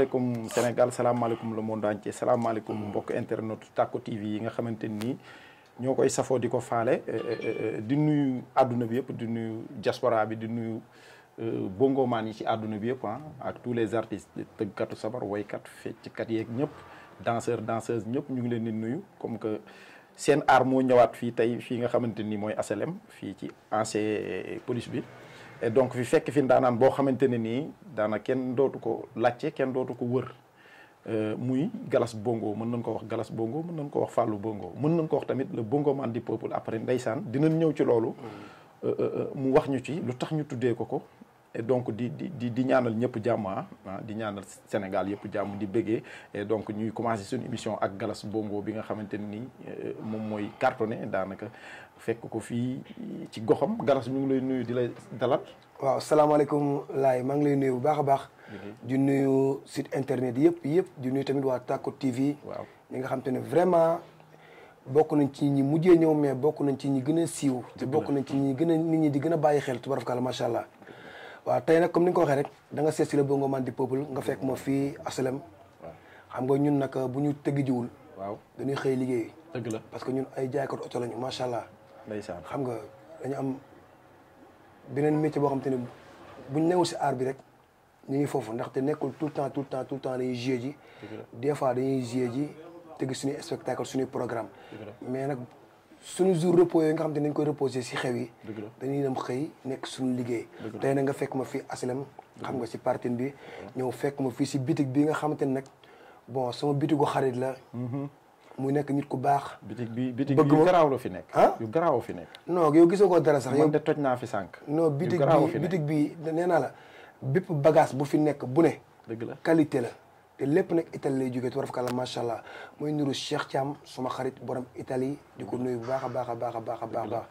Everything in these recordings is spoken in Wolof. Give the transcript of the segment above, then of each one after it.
salaamaaleykum Sénégal salaamaaleykum le monde entier salaamaaleykum mbokk internet Tacko TV yi nga xamante nii ñoo koy safoo di ko faale eh, eh, eh, di nuyu àdduna bi yëpp di nuyu diaspora bi di nuyu euh, bongomaan yi ci àdduna bi yëpp ah ak tous les artistes tëggkatu sabar ci fecckat yeeg ñëpp danseur danseuse ñëpp ñu ngi leen di nuyu comme que seen aar moo ñëwaat fii tey fii nga xamante ni mooy HLM fii ci ancien police bi donc fi fekk fi ndaanaan boo xamante ne nii daana kenn dootu ko laajte kenn dootu ko wër euh, muy Galas Bongo mën nañ ko wax Galas Bongo mën nañ ko wax Fallou Bongo mën nañ ko wax tamit le Bongo man du peuple après ndeysaan dinañ ñëw ci loolu mm. euh, euh, mu wax ñu ci lu tax ñu tuddee ko ko donc di di di ñaanal ñëpp jàmm ah, ah di ñaanal Sénégal yëpp jàmm di bëggee donc ñuy commencé suñu émission ak Galas Bongo bi nga xamante ne nii moom mooy cartonné daanaka fekk ko fii ci goxam garas mi ngi lay nuyu di lay dalal. waaw salaamaaleykum laay maa ngi lay nuyu bu baax a baax. Mhm. di nuyu site internet yëpp yëpp di nuyu tamit waa Tacko TV. waaw ñi nga xam te ne vraiment bokk nañ ci ñi mujjee ñëw mais bokk nañ ci ñi gën a siiw. te bokk nañ ci ñi gën a nit ñi di gën a bàyyi xel tubaarkalla macha allah. waaw tey nag comme ni nga ko waxee rek da nga seet si la Bongo Man di People nga fekk ma fii asalem. xam nga ñun nag bu ñu tëgg jiwul. waaw dañuy xëy liggéey. dëgg la parce que ñun ay jaaykat lañu macha allah. ndeysaan xam nga dañu am beneen métier boo xam te ne buñ newul si aar bi rek ñu ngi foofu ndaxte nekkul tout le temps tout le temps tout le temps dañuy jouer ji des fois dañuy jouer ji tëgg suñuy spectacle suñuy programme mais nag suñu jour repos yooyu nga xam te ne dañ koy reposer si xew yi dañuy dem xëy nekk suñu liggéey tey nag nga fekk ma fii aslem xam nga si partin bi ñëw fekk ma fii si bitig bi nga xamante ne nag bon sama bitigu xarit la mm-hmm. muy nekk nit ku baax. bitig bi bitig bi yu garaaw la fi nekk. ah yu garaaw fi nekk. non yow gisoo ko dara sax yow de toj naa fi sànq. non bitig bi bitig bi nee naa la bépp bagage bu fi nekk bu dëgg la qualité la. te lépp nag Italie lay jógee tubaraf kàlla macha allah muy nuru Cheikh Thiam suma xarit borom itali di ko nuyu bu baax a baax a baax a baax a baax.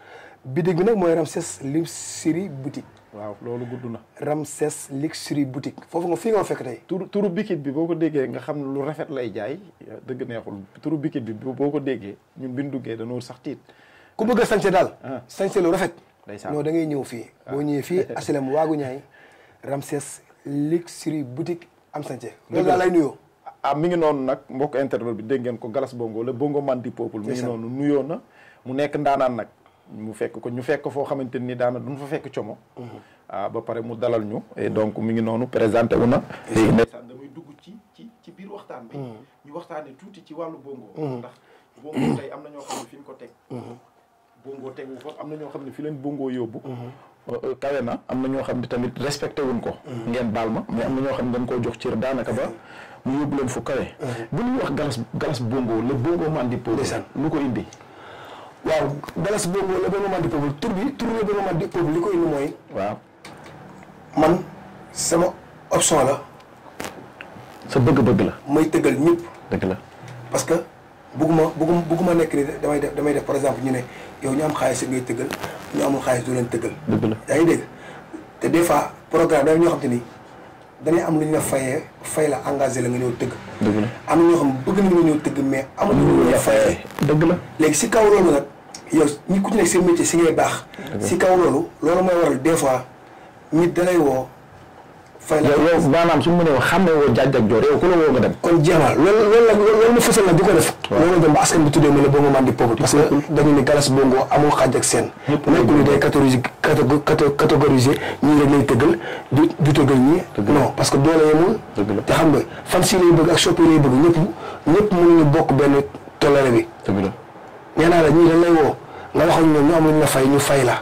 bitig bi nag mooy Ramses Luxury boutique. waaw loolu gudd na. Ramses luxury boutique. foofu nga fi nga fekk tey. turu turu bikit bi boo ko déggee nga xam lu rafet lay jaay dëgg neexul turu bikit bi boo ko déggee ñu bi ñu duggee dañoo sax tiit. ku bëgg a sañse daal. Ah. sañse lu rafet. ndeysaan non da ngay ñëw fii. boo ñëwee fii ah. asilem waagu ñaay Ramses luxury boutique am sañse. loolu daal lay nuyoo. ah mi ngi noonu nag mbokk internet bi dégg ko Galas Bongo la Bongo man di peuple. mi ngi noonu nuyoo na mu nekk ndaanaan nag. mu fekk ko ñu fekk foo xamante ni daana duñ fa fekk como mm-hmm. ah ba pare mu dalal ñu et donc mu ngi noonu présenté wu na léegi ndeysaan dugg ci ci ci waxtaan bi mm-hmm. ñu tuuti ci wàllu bongo mm-hmm. ndax bongo tey am na ñoo xam ne fi ñu ko am na ñoo xam ne fi leen bongo yóbbu euh, euh, kawe na am na ñoo xam ne tamit respecté wuñ ko ngeen baal ma mais am na ñoo xam ne dañ koo jox cër daanaka ba mu yóbbu leen fu kawe bu ñuy wax galas galas bongo le bongo man di posé lu ko indi waaw Dallas boobu le bon moment du peuple tur bi tur bi le bon moment du li ko indi mooy. waaw man sama option la. sa bëgg-bëgg la. may tëggal ñëpp. dëgg la parce que bëgguma bëgguma bëgguma nekk nii damay def damay def par exemple ñu ne yow ñu am xaalis ngay tëggal ñu amul xaalis du leen tëggal. dëgg la yaa ngi dégg te des fois programme daal ñoo xam te ni. dañuy am lu ñu la fayee fay la engagé la nga ñëw tëgg. dëgg la am ñoo xam bëgg ñu nga ñëw tëgg mais. amuñu lu la fayee dëgg la. léegi si kaw loolu nag ñu ñi ku ci nekk seen métier si ngay baax. si kaw loolu loolu mooy waral des fois ñu dalay woo. fay na yow maanaam su ma nee wax xam ne woo jaaj ak joor yow ku la woo nga dem. kon jeex na loolu ma fësal nag di ko def. waaw loolu dem ba askan bi tuddee ma ne Bongo Mandi People. parce que dañu ni Galas Bongo amul xaaj ak seen. nekkul day catégorisé catégorisé ñii rek lay du du tëggal ñii. parce que doole yemul. te xam nga fan si lay bëgg ak shopping lay bëgg ñëpp ñëpp mënuñu bokk benn toléré bi. dëgg la nee naa la ñii dañ woo. nga wax ak ñoom ñu am lu la fay ñu fay la.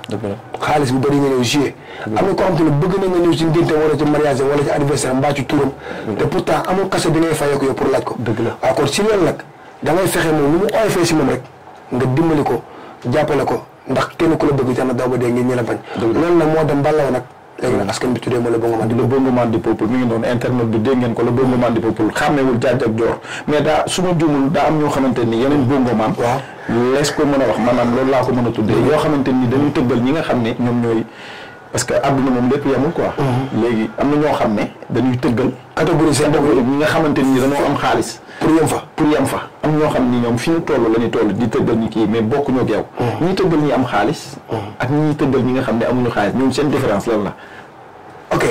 xaalis bu bëri nga ñëw joué. am na koo xam te ne bëgg na nga ñëw ci ngénte wala ci mariage wala ci anniversaire mbaa ci turam. te pourtant amul kase bi ngay fayee ko yow pour laaj ko. dëgg la waaw kon si loolu nag da fexe moom si moom rek nga dimbali ko jàppale ko ndax kenn ku la bëgg jàmm daw ba dee ngeen ñu la bañ. loolu nag moo dem ba law nag. léegi nag askan bi tuddee ma le bon moment du peuple le bon moment du peuple mi ngi doon internet bi dégg ko le bon moment du xàmmewul jaaj joor mais daa su ma juumul daa am ñoo xamante ni yeneen bon waaw lees ko mën a wax maanaam loolu laa ko mën a tuddee yoo xamante ni dañuy tëbbal ñi nga xam ne ñoom ñooy parce que àdduna moom lépp yemul quoi. Mm-hmm. léegi am na ñoo xam ne dañuy tëggal. catégorie seen bopp ñi nga xamante nii dañoo am xaalis. pour yem fa pour yem fa. am ñoo xam ni ñoom fi ñu toll la ñuy toll di tëggal ni kii mais bokk ñoo geew ñiy tëggal ñi am xaalis. Mm-hmm. ak ñiy tëggal ñi nga xam ne amuñu xaalis ñoom seen différence lan la. ok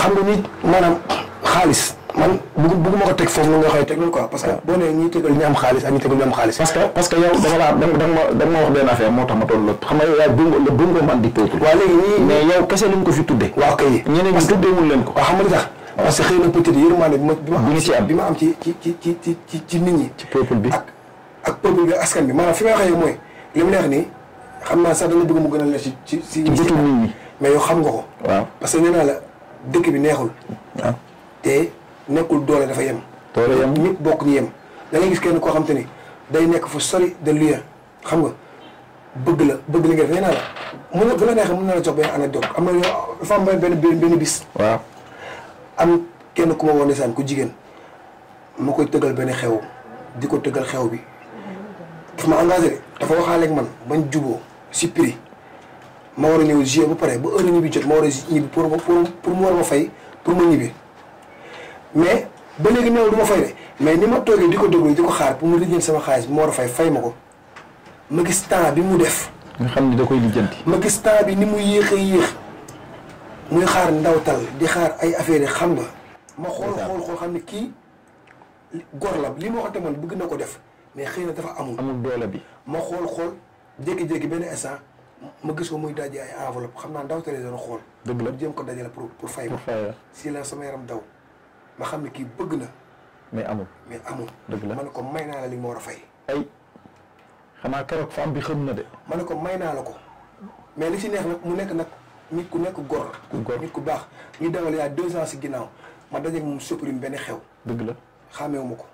xam nga ni maanaam xaalis. man bëgguma ko teg foofu nga koy tegal quoi parce que boo nee ñiy tegal ñu am xaalis ak ñi tegal am xaalis parce que parce dama laa danga ma danga ma wax benn moo tax ma toll lépp xam man di peuple waaw léegi ñii mais yow kese lañ ko fi tuddee waaw kay ñeneen ñi tuddeewul leen ko waaw xam nga li tax parce que xëy na peut-être yërmande bi ma bi ma ci am ci ci ci ci ci ci ci nit bi ak ak peuple bi askan bi maanaam mooy neex nii xam naa sax danga bëgg mu gën a ci ci ci jotu nit mais xam nga ko waaw parce que nee naa la dëkk bi neexul waaw ah. te nekkul doole dafa yem. doole bokk ñu yem. da ngay gis kenn koo xam ni day nekk fu sori de lieu xam nga bëgg la bëgg li nga defee naa la mun na bu mun na la jox benn anecdote am na yoo dafa benn benn bis. waaw am kenn ku ma woon ku jigéen ma koy tëggal benn xew di ko tëggal xew bi dafa ma engagé dafa waxaale man bañ juboo si prix ma war a ñëw jouer ba pare ba heure ñibbi jot ma war a ñibbi pour pour pour mu ma fay pour ma ñibbi. mais ba léegi néew du ma fay de mais ni ma toogee di ko déglu di ko xaar pour mu lijjanti sama xaalis bi ma war a fay fay ma ko ma gis temps bi mu def. nga xam ni da koy lijjanti. ma gis bi ni mu yéex a muy xaar ndawtal di xaar ay affaire xam nga. ma xool xool xool xam ne kii gor la li ma waxante bëgg na ko def mais xëy na dafa amul. amul doole bi. ma xool xool jékki-jékki benn instant ma gis ko muy daje ay enveloppe xam naa ndawtal yi doon xool. dëgg la jëm ko dajale pour pour fay ma. si la sama yaram daw. ma xam ne kii bëgg na. mais amul mais amul. dëgg la ma ne ko may naa la li ma war a fay. ay xanaa keroog femme bi xam na de. ma ne ko may naa la ko mais li ci neex nag mu nekk nag nit ku nekk góor. ku góor nit ku baax ñu demal yaa deux ans si ginnaaw ma dajeeg moom supprime benn xew. dëgg la xàmmeewu ma ko.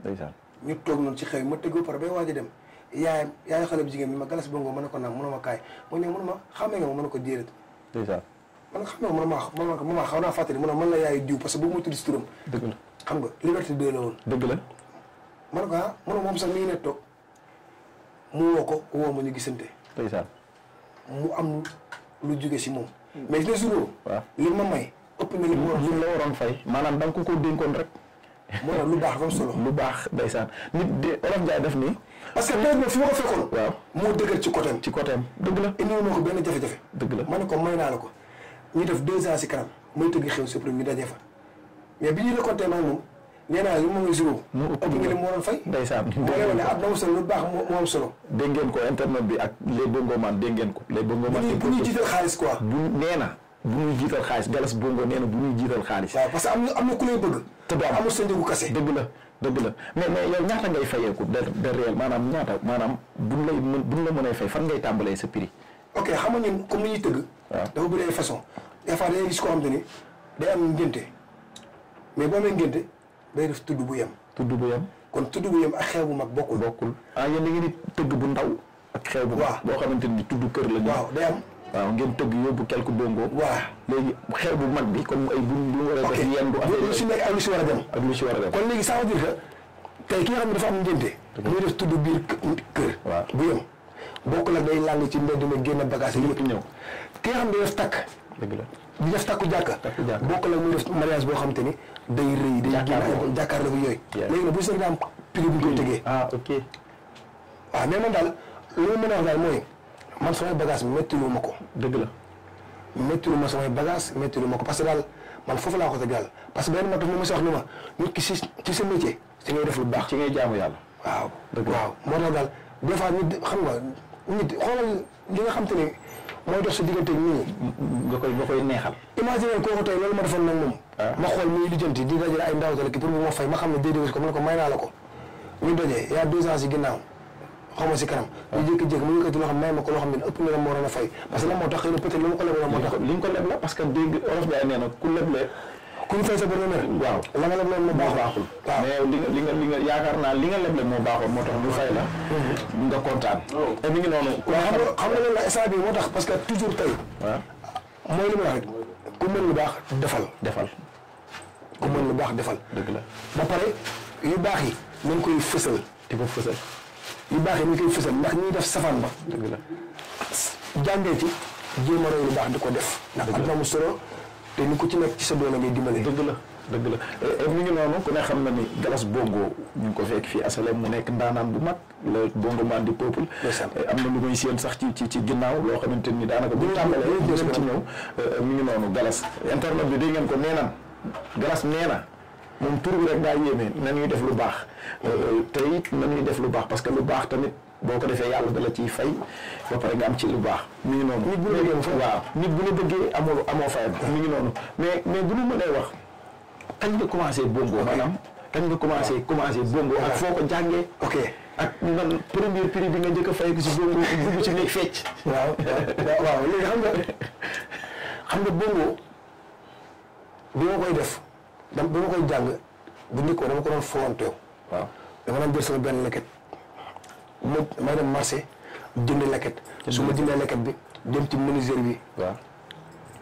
ndeysaan ñu toog noonu ci xew ma tëggoo par bay waaj a dem yaayam yaay xale bu jigéen bi ma galas bongo ma ne ko naam mënuma kaay mu ñëw mënuma xàmmee nga ma mën ko déedéet. ndeysaan man xam naa man maa man man maa naa fàttali mu ne man la yaay diw parce que boobu ma tudd si turam. dëgg la xam nga liberté de la woon. dëgg la. man ko ah sax mi ngi ne toog ko woo ma ñu gisante. ndeysaan. mu am lu jóge si moom. mais les li ma may. ëpp na li mu la waroon fay. maanaam da ko ko dénkoon rek. moo tax lu baax comme solo. lu baax ndeysaan nit de def nii. parce que ma ko fekkoon. moo dëgër ci côté ci côté am dëgg la. indiwoon benn jafe dëgg la ma ne ko may naa la ko. ñu def deux ans si kanam mooy tëgg xew suprime ñu daje fa mais bi ñu récolté maag moom nee naa li mu ngi zéro ëpp nga li mu waroon fay ndeysaan moo ne lu baax moo am solo dégg ngeen ko internet bi ak les bongoman bu ñuy jiital xaalis quoi bu nee na bu ñuy nee na bu ñuy jiital xaalis waaw parce que am na am na ku lay bëgg te doo sa njëgu kase dëgg la dëgg la mais mais ñaata ngay fayeeku de de réel maanaam ñaata maanaam buñ lay mën buñ la mënee fay fan ngay tàmbalee sa prix ok xam nga ñun comme ni ñuy tëgg dafa bëri ay façon des fois day gis koo xam ni day am ngénte mais boo amee ngénte day tudd bu yem. tudd bu yem. kon tudd bu yem ak xew mag bokkul. bokkul ah yéen da ngeen tëgg bu ndaw. ak bu waaw boo xamante ni tudd kër la. waaw day am. waaw ngeen tëgg yóbbu bu mag bi comme ay bu bu war a def yendu. affaire yi si nekk ak lu si war a dem. ak lu si war a léegi ça ki nga xam ne dafa am ngénte. muy def tudd biir kër. waaw bu yem. bokk la day làng ci mbedd mi génn bagage yëpp ñëw ki la di def takku jàkka bokk la muy def xam te ni day rëy day génn jàkkaarloo yooyu léegi nag bu sëñ daam prix bu ñu koy tegee ah ok man daal li ma mën ma ko dëgg la méttilu ma samay bagage méttilu ma ko parce que daal man foofu laa ko teg daal parce que benn ma wax ni ma nit ki si ci lu baax ci ngay jaamu yàlla waaw waaw xam nga nit xoolal li nga xam te ne mooy dox sa diggante nit nga koy nga koy neexal. imagine kooku loolu ma defoon nag moom. Ah. ma xool muy lijjanti di dajale ay ndaw ki pour mu ma fay ma xam ne déedéet ko ma ne ah. ko loo xam ne ëpp na moo doon fay parce que lan moo tax xëy na ma ko lebaloon moo tax. li ñu ko leb la parce que dégg olof bi ay nee na ku leble. ku ñu fay sa bor nga mer. waaw la nga leble moo baaxul. li nga li nga li nga yaakaar naa li nga leble moo baaxul moo tax ñu fay la. Mm-hmm. nga kontaan. Oh. te mi ngi noonu. waaw xam nga xam nga loolu la instant bii moo tax parce que toujours ma wax rek ku mën lu baax defal. defal ku mën lu baax defal. dëgg la ba pare yu baax yi mu ngi koy fësal. di ko fësal. yu baax yi ngi koy fësal ndax ñuy def safaan ba. dëgg la jàngee ci jéem a lu baax di ko def. ndax am na mu solo. te ni ku ci nekk ci sa doole ngay dimbale. dëgg la dëgg la eh, eh, mi ngi noonu ku ne xam na ni Galas Bongo ñu ngi ko fekk fii asalem mu nekk ndaanaan bu mag la Bongo man di peuple eh, am na lu muy séen sax ci ci ci ginnaaw loo xamante ni daanaka bu tàmbalee dinañ ci ñëw mi ngi noonu Galas internet bi dégg ngeen ko nee nan Galas nee na moom tur bi rek daa yéeme na ñuy def lu baax te it na ñuy def lu baax parce que lu baax tamit boo ko defee yàlla da la ciy fay ba pare nga am ci lu baax mi ngi noonu. nit bu la bëggee waaw nit bu la bëggee amoo amoo fayam mi ngi noonu mais mais bu ñu mënee wax kañ nga commencé bongo maanaam kañ nga commencé commencé bongo ak foo ko jàngee. ok ak nan premier bi nga njëkk a fay ko si bongo dugg ci nekk fecc. waaw waaw léegi xam nga nga bongo koy def dam bi ma koy jàng bu njëkkoon dama ko doon fowanteew. waaw dama doon jël sama benn leket. ma may dem marché jënd leket. su ma jëndee leket bi dem ci menuisier bi. waaw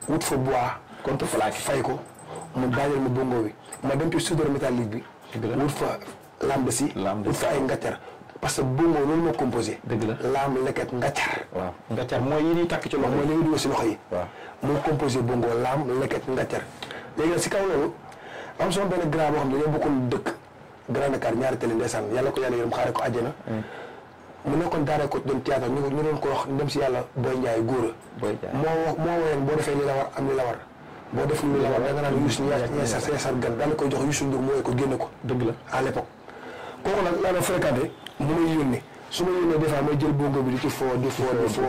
wut fa bois. compte flaque fay ko mu daajal ma bongo bi ma dem ci soudure métallique bi. wut fa lamb si. wut fa ay ngàccar. parce que bongo loolu moo composé. dëgg la laam leket ngàccar. waaw ngàccar mooy yi ñuy takk ci loxo yi mooy li ñuy dugal si loxo yi. waaw moo composé bongo laam leket ngàccar. léegi nag si kaw loolu am sama benn grand boo xam ne dañoo bokkoon dëkk Grand Dakar ñaari télé yàlla ko yàlla yërëm xaare ko mu nekkoon daara ko dem théâtre ñu ñu doon ko wax dem si yàlla Boy Ndiaye góor a moo moo boo defee li la am li la boo def li la war da nga naan Youssou ñee sa ñee sa gan daal ko génne ko dëgg la à l'époque kooku ma yónnee des fois may jël bi di ci foo di foo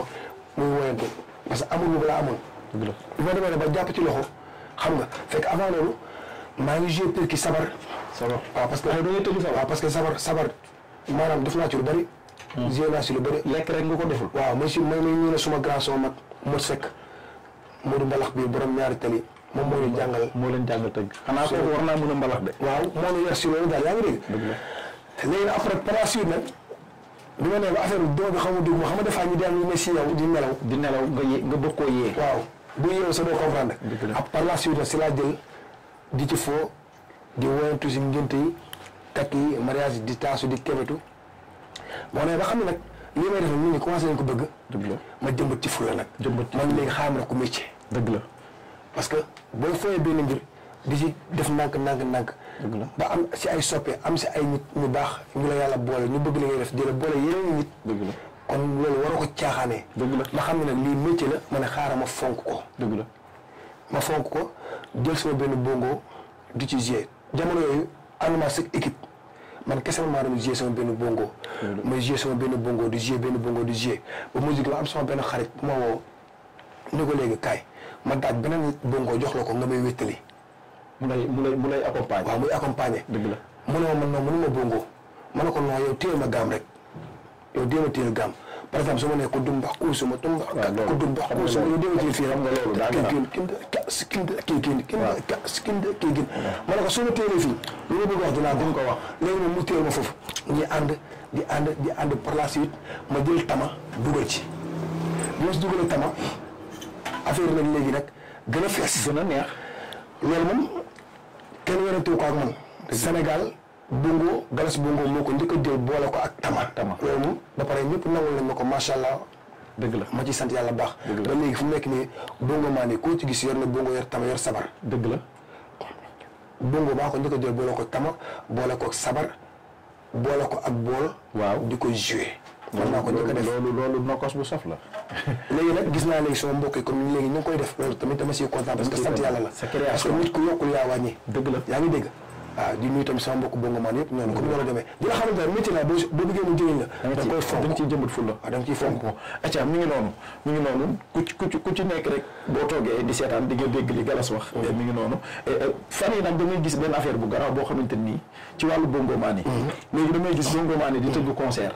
que amul lu balaa amoon dëgg loxo xam nga fekk avant loolu maa ngi joué pour ki sabar sabar waaw parce que ah, parce que sabar sabar maanaam def naa ci bari gérer mmh. naa si lu bëri. lekk rek nga ko deful. waaw monsieur may na ñu ne suma grand son mag Modou Seck Modou Mbalax bi borom ñaari tali moom moo leen jàngal. moo leen jàngal tëgg. xanaa kooku war naa mën a mbalax de. waaw moo ñu si nee ba affaire bi doo xam nga des fois ñu daan ñu ne si di nelaw. di nelaw nga nga bëgg waaw bu yeewoo sa doo comprendre. dëgg la laa jël di ci foo di woyantu si ngénte yi takk yi mariage di taasu di kebetu moo ne ba xam ne nag lii may def nag nit ñi commencé nañ ko bëgg. dëgg la ma jëmbat ci fula nag. jëmbat ci man léegi xaaral ma ko dëgg la parce que boo fooyee benn di ci def ndànk ndànk ndànk. dëgg ba am si ay soppe am si ay nit ñu baax ñu la yàlla boole ñu bëgg li ngay def di la boole yeneen nit. dëgg la kon loolu waroo ko caaxaanee. dëgg la ma xam ne nag lii la ma ne xaaral ma fonk ko. dëgg la ma fonk ko jël sama benn bongo di ci jouer jamono yooyu ànd naa sëg équipe. man kese maa doon jouer sama benn bongo. Mm-hmm. ma jouer sama benn bongo di jouer benn bongo di jouer ba musique la am sama benn xarit bu ma ko léegi kaay ma daaj beneen bongo jox la ko nga may wéttali. mu lay mu lay mu accompagner. waaw accompagner. dëgg la mu ne ma man noonu mënu ma bongo ma ne ko non yow téye ma gaam rek yow téye ma téye gaam. par exemple su ma nee ko dumba kuusuma dumba. waaw loolu ko dumba kuusuma yow dégg nga ci fii xam nga loolu daa gën kinda ka kinda kii gën kinda ka kinda kii gën ma ne ko soo ma téelee fii lu ma bëgg wax dinaa gën ko wax léegi moom mu téel ma foofu ñu ànd di ànd di ànd par la suite ma jël tama dugal ci bi ma si dugalee tama affaire nag léegi nag gën a fees gën a neex loolu moom kenn werantewu ko ak man Sénégal Bongo Galas Bongo moo ko njëkk a jël boole ko ak tama tama loolu moom ba pare ñëpp ko macha allah. dëgg la ma ci sant yàlla baax. dëgg la léegi fu mu nekk nii bongo maa ne koo ci gis yor na bongo yor tama yor sabar. dëgg la. bongo baa ko njëkk a jël boole ko tama boole ko sabar boole ko ak bool. waaw di ko joué. man naa ko njëkk a def loolu loolu nokkoos bu saf la. léegi nag gis naa léegi sama mbokk comme léegi ñu koy def tamit dama siy kontaan parce que sant yàlla la. parce que nit ku yokkul yaa wàññi. dëgg la yaa ngi dégg waaw ah, di nuyu tamit a demee bu la xamante ne métier la boo boo mu ngi noonu ku ci nekk rek boo toogee di seetaan di nga dégg li galas wax mi ngi noonu eh, eh, fan yi nag damay gis benn affaire bu garaaw boo xamante nii ci wàllu bongomaan yi mhm. léegi damay gis bongomaan yi di tëgg concert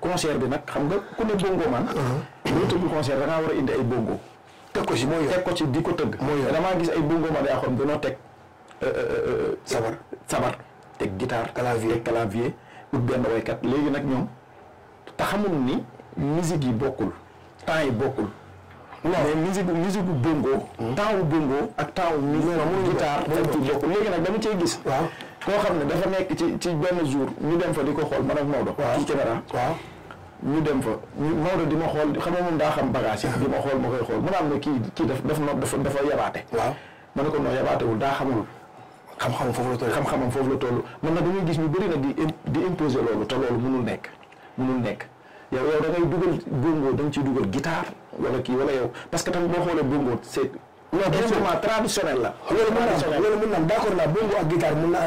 concert bi nag xam nga ku ne bongomaan mhm. boo tëgg concert da ngaa war a indi ay bongo teg ko ci mooy teg ko ci di ko tëgg damaa gis ay bongomaan yaa xam danoo teg sabar sabar teg guitare clavier clavier ut benn waykat léegi nag ñoom te xamul ni musique yi bokkul temps yi bokkul mais musique musique bu bongo hmm. temps wu bongo ak temps wu musique guitare bokkul léegi nag dama cey gis waaw koo xam ne dafa nekk ci ci benn jour ñu dem fa di ko xool man ak Maodo ci caméra ñu dem fa Maodo di ma xool xam nga moom daa xam bagage yi hmm. xool ma koy xool mu naan ma kii kii daf daf dafa yabaate waaw ma ne ko noo yabaatewul daa xamul xam foofu la xam-xamam foofu la toll man nag dañuy gis ñu bëri nag di di imposer loolu te loolu mënul nekk mënul nekk yow yow da ngay dugal bongo da nga ciy dugal guitare wala kii wala yow parce que tamit boo xoolee bongo c'est non vraiment la ah, loolu mën naa loolu mën naa na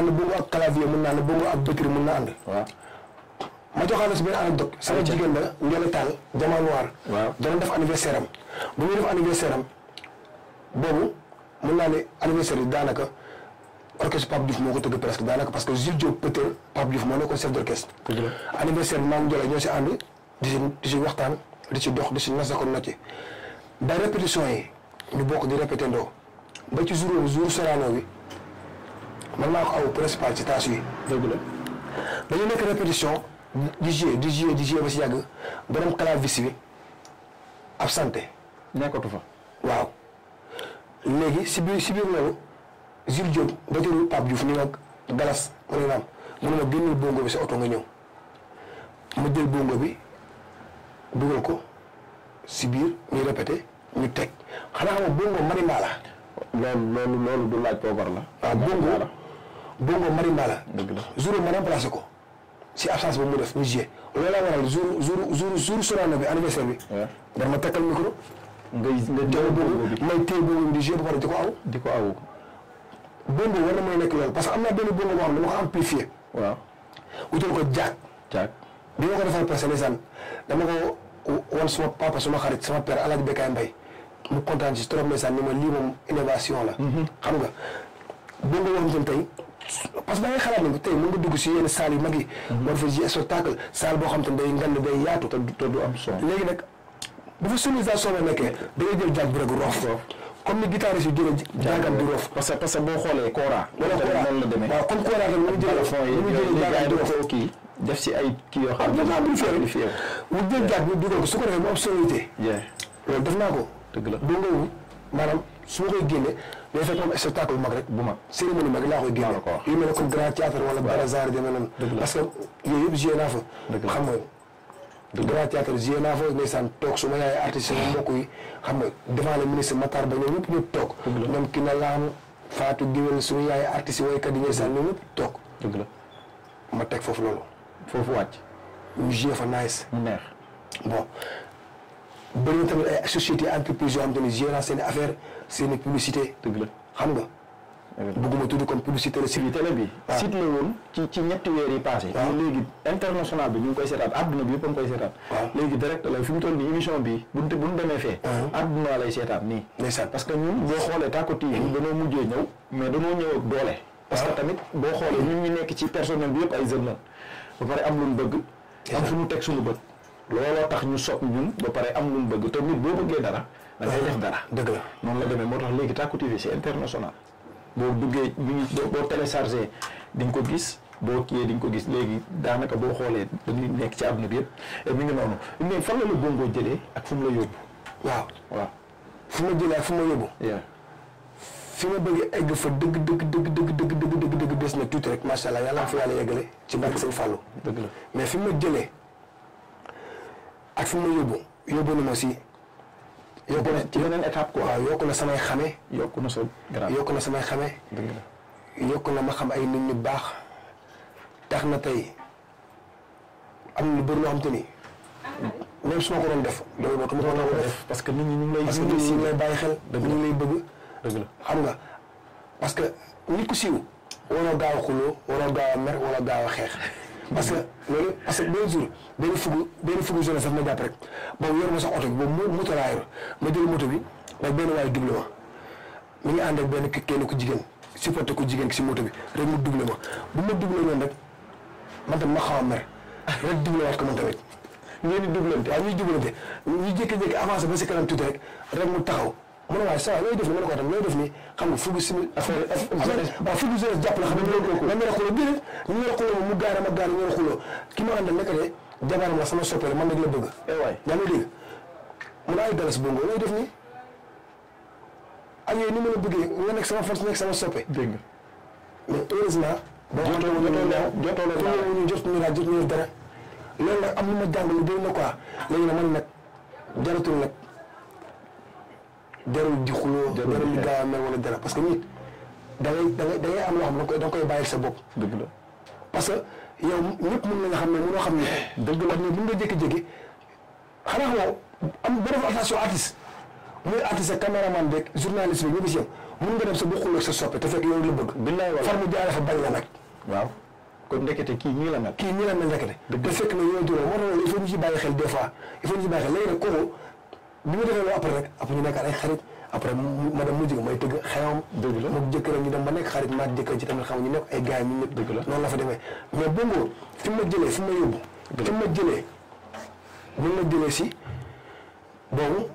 ànd bongo ma joxaale si benn anecdote sama jigéen la Ndella Tall jaman noir waaw dana def anniversaire am bu ñuy def anniversaire mën naa ne anniversaire yi daanaka orchestre Pape Diouf moo ko tëgg presque daanaka parce que Jules Diop Peter Pape Diouf moo nekkoon chef d'orchestre. anniversaire bi maa ñoo si ànd di si di si waxtaan di si dox di si nas akoon na ci. ba yi ñu bokk di répété ndoo ba ci jour jour Sorano bi man maa ko aw principal ci yi. dëgg la dañu nekk répétition di jouer di jouer di jouer ba si yàgg borom claviste bi absenté. nekkatu fa. waaw léegi si biir si biir loolu. Jules Diop batiru Pape Diouf ni ma galas mu ne naam bi sa nga ñëw ma jël bi dugal ko si biir ñu répété ñu teg xanaa xam nga bongo marimba la. du laaj poobar la. waaw ah, bongo bongo marimba la. dëgg la jour ma remplacé ko si absence boobu mu def ñu takkal micro. ngay ngay teew bi may teew bongo bi di jiyee ba pare ko di ko aw. bëmb wala mooy nekk loolu parce que am naa benn bëmb boo xam ne dama ko amplifié. waaw utal ko jaag. jaag bi ma ko defal presse ndeysaan dama ko wan suma papa suma xarit sama mu kontaan ci trop ndeysaan ma lii moom innovation la. Mhm. xam nga bëmb boo xam ne tey parce que da ngay xalaat ne tey mën nga dugg si yenn salle ma mag yi. Mhm. war fa ji spectacle salle boo xam te ne day ngand day yaatu. te du am son léegi nag bu fa sonorisation ba nekkee da ngay jël jaag bi rek roof. comme ni guitariste yi jëlee jàngat di rof parce que parce que boo xoolee Kora. wala Kora noonu la demee rof kii def si ay kii yoo xam ne dafa amplifié wu jël jàpp bi dugal ko su ko defee mu def naa ko dëgg la dongowu maanaam su ma koy génne day fekk moom spectacle bu mag rek bu mag cérémonie mag laa koy génne yu mel ne comme grand théâtre wala barazar demee noonu parce que yooyu yëpp joué naa fa xam nga grand théâtre joué naa fa ndeysaan toog su ma yaay artiste sama mbokk yi xam nga devant le ministre Matar ba ñoom ñëpp ñu toog. ñoom ki na laam Fatou Guewel suñu yaay artistes yi waykat yi ñooy sax ñoom ñëpp toog. dëgg la ma teg foofu loolu. foofu wàcc. ñu joué fa nice. mu neex bon. bëri tamit ay société entreprise yoo xam te gérant seen affaire seen publicité. dëgg la xam nga. bëgguma tudd comme publicité la si télé bi site ah. la woon ci ci ñetti weer yi passé mais ah. léegi international bi ñu ngi koy seetaat adduna bi yëpp a ngi koy seetaat ah. léegi direct la fi mu toll nii émission bi bu buñ demee fee adduna lay seetaat nii parce que ñun boo xoolee Tacko TV dañoo mujjee ñëw mais dañoo ñëw ak doole parce que tamit boo xoolee ñun ngi nekk ci personnel bi yëpp ay jeunes la ba pare am lu ñu bëgg am fu ñu teg suñu bët looloo tax ñu sopp ñun ba pare am bëgg te nit boo bëggee dara da ngay def dara noonu la demee moo tax léegi Tacko TV international boo duggee mi ngi boo téléchargé di nga ko gis boo kiyee di nga ko gis léegi daanaka boo xoolee dañuy nekk ci na bi yëpp eh, mi ngi noonu mais fan la la bongo jëlee ak fu mu la yóbbu. waaw waaw jëlee ak ma yóbbu. fi ma bëgg egg fa dëgg dëgg dëgg dëgg dëgg des na tuuti rek macha allah yàlla fa yàlla ci barke Sëñ Fallou. dëgg la mais fi ma jëlee ak fi ma yóbbu yóbbu na ma si. yokku na ci beneen étape quoi. waaw na samay xame. yokku na sa grand yokku na samay xame. yokk na ma xam ay nit ñu baax tax na tey am na lu bëri loo xam te ni même su ko doon def. def parce que nit ñi ñu ngi lay. bàyyi xel. dëgg la ñu lay bëgg. xam nga parce que nit ku siiw. waroo gaaw a xuloo waroo gaaw a mer waroo gaaw a xeex. parce que loolu parce que benn jour benn fugu benn fugu jeune sax ma jàpp rek boobu yor ma sax oto bi boobu moto laa yor ma jël moto bi ba benn waaye double ma mi ngi ànd ak benn kenn ku jigéen supporté ku jigéen si moto bi rek mu double ma ma double noonu man tam ma xaw a mer rek double waat ko man tamit ñeen di doublante waaye ñuy doublante ñu jékki-jékki avancé ba si kanam tuuti rek mu taxaw mu a waaye saa looy def ni ma ne ko tam looy def ni xam nga fugu simil affaire waaw fugu jeunesse jàpp la xam nga ñu ne xuloo bi ñu ne xuloo mu gaara ma gaara ñu ne xuloo ki ma àndal nekk de jabaram la sama soppeel man nag la bëgg eh yaa ngi dégg mu ne ay dalas bongo looy def ni ak yooyu ni ma la bëggee nga nekk sama fan nekk sama soppe dégg nga mais heureusement boo ñu jot ñu laa jot ñu dara loolu nag am lu ma jàng lu dégg na quoi léegi nag man nag jaratul nag jarul di xuloo jarul di gaaw a mer wala dara parce que nit da ngay da ngay da ngay am loo xam ne da nga koy bàyyi sa bopp. dëgg la parce que yow ñëpp mën na nga xam ne mënoo xam ne. dëgg la mais mën nga jékki-jékki xanaa xamoo am ba def attention artiste muy artiste ak caméraman beeg journaliste bi ñu ngi si yow mën nga dem sa bu xuloo sa soppe te fekk yow la bëgg. billaay wala far mu jaaree fa bañ la nag. waaw kon ndekete kii ñii la mel. kii ñii la mel ndekete. dëgg la te fekk na yow dina war na il faut ñu ci bàyyi xel des fois il faut ñu ci bàyyi xel léegi nag kooku bi ñu defee loolu après rek après ñu nekkaat ay xarit après ma dem mu jig may tëgg xewam dëgg la moom ñu dem ba nekk xarit ma jëkkër ci tamit xam ñu nekk ay gars yi ñu ñëpp dëgg la noonu la fa demee mais bongo ma jëlee fi ma yóbbu fi ma jëlee bi ma jëlee si boobu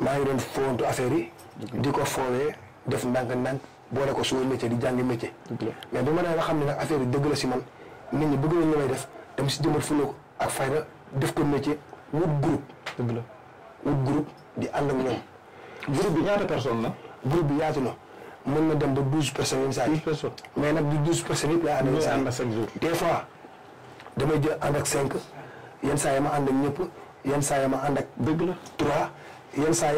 maa ngi doon foontu affaire yi di ko foowee def ndànk-ndànk boole ko suma métier di jàngi métier mais bi ma nee nga xam ne nag affaire yi dëgg la si man nit ñi bëgg nañ li may def dem si jëmbat fu ak fayda def ko métier wut groupe dëgg wut groupe di ànd ak ñoom. groupe bi ñaata personne la. na mën na dem ba douze personnes yenn saa yi. douze personnes mais nag du douze personnes yëpp. yaa ngi ànd ak chaque jour des fois damay jël ànd ak cinq yenn ma ànd ak ñëpp yenn saa ma ànd ak. dëgg la trois yenn saa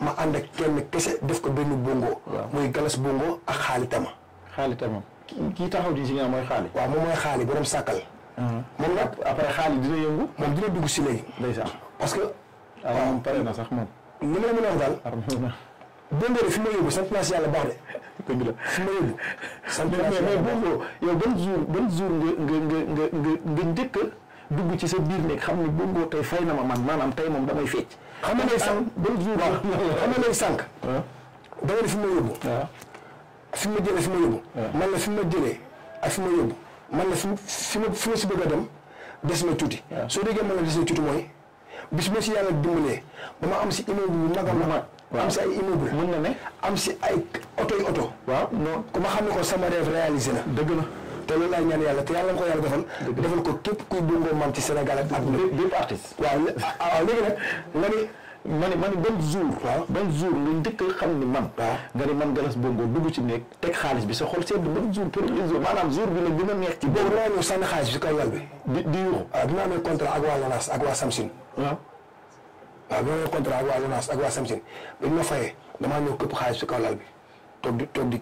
ma ànd ak kenn kese def ko benn bongo. muy galas bongo ak xaali tama. xaali tama kii taxaw di si nga mooy xaali. waaw moom mooy xaali borom sàkkal. Uh-huh. moom nag après xaali dina yëngu. moom dina dugg si léegi. parce que waaw ah, pare na sax moom. ni ma la mën a daal. Dondore fi ma yóbbu sant naa si yàlla baax de. dëgg la fi ma yóbbu. sant naa si yàlla baax ban jour ban nga nga njëkk dugg ci sa biir nekk xam ne bongo tey fay na man maanaam tey moom damay fecc. xam nga day sànq ban jour. waaw xam nga day sànq. dama ne fi ma yóbbu. ma jëlee man la fi ma jëlee ak fi ma yóbbu. man la fi ma fi ma si bëgg a dem des na tuuti. soo déggee man la des na tuuti mooy. bis ma si la dimbalee ba ma am si immeuble bu mag a mag. am si na ne am si ay oto yi oto. waaw non ku ma xam ne ko sama rêve réalisé na. dëgg la te loolu laay ñaan yàlla te yàlla nga ko yàlla defal. defal ko képp kuy dungoo maam ci Sénégal ak àdduna. bépp artiste. waaw ah, waaw léegi nag ne ma ne ban jour. waaw ban jour nga njëkk xam ni man. waaw nga ne man Galas Bongo dugg ci néeg teg xaalis bi so xol sedd ban jour premier jour maanaam jour bi la gën a neex ci. boobu dinaa ñëw xaalis bi si kaw bi. di di yuuxu. waaw ah, dinaa amee contrat ak waa Lanas ak waa Samsung. waaw waaw bi ma ñëw contrat ak waa Jonas ak waa bi ñu ma fayee damaa ñëw këpp xaalis si kaw lal bi toog di toog di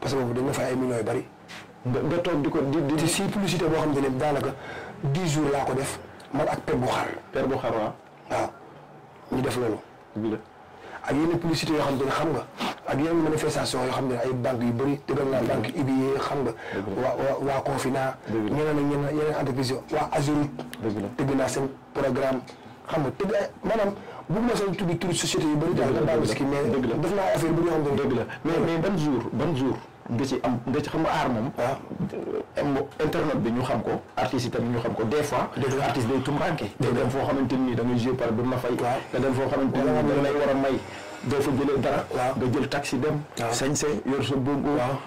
parce que boobu dañ ma fay ay millions yu bëri. nga toog di ko di di di boo xamante ne daanaka dix jours laa ko def man ak per bu xar. per bu xar waaw. waaw ñu def xam nga ak yenn manifestation yoo xam ne ay banque yu bëri dëggal naa banque UBI xam nga. waa waa waa Confina. ñeneen ak ñeneen yeneen waa Azurite. dëgg naa seen programme. xam nga tëgg ay maanaam bu ma soog a tudd turu société yu bëri daal nga baal si kii mais def naa affaire bu ñu xam ne dëgg bi ñu xam ko artistes yi tamit xam ko des fois artiste day tumranke day dem foo xamante nii da ngay joué par du na fay nga dem foo xamante nii a may doo fa jëlee dara nga jël taxi dem sañse yor sa bongo ah,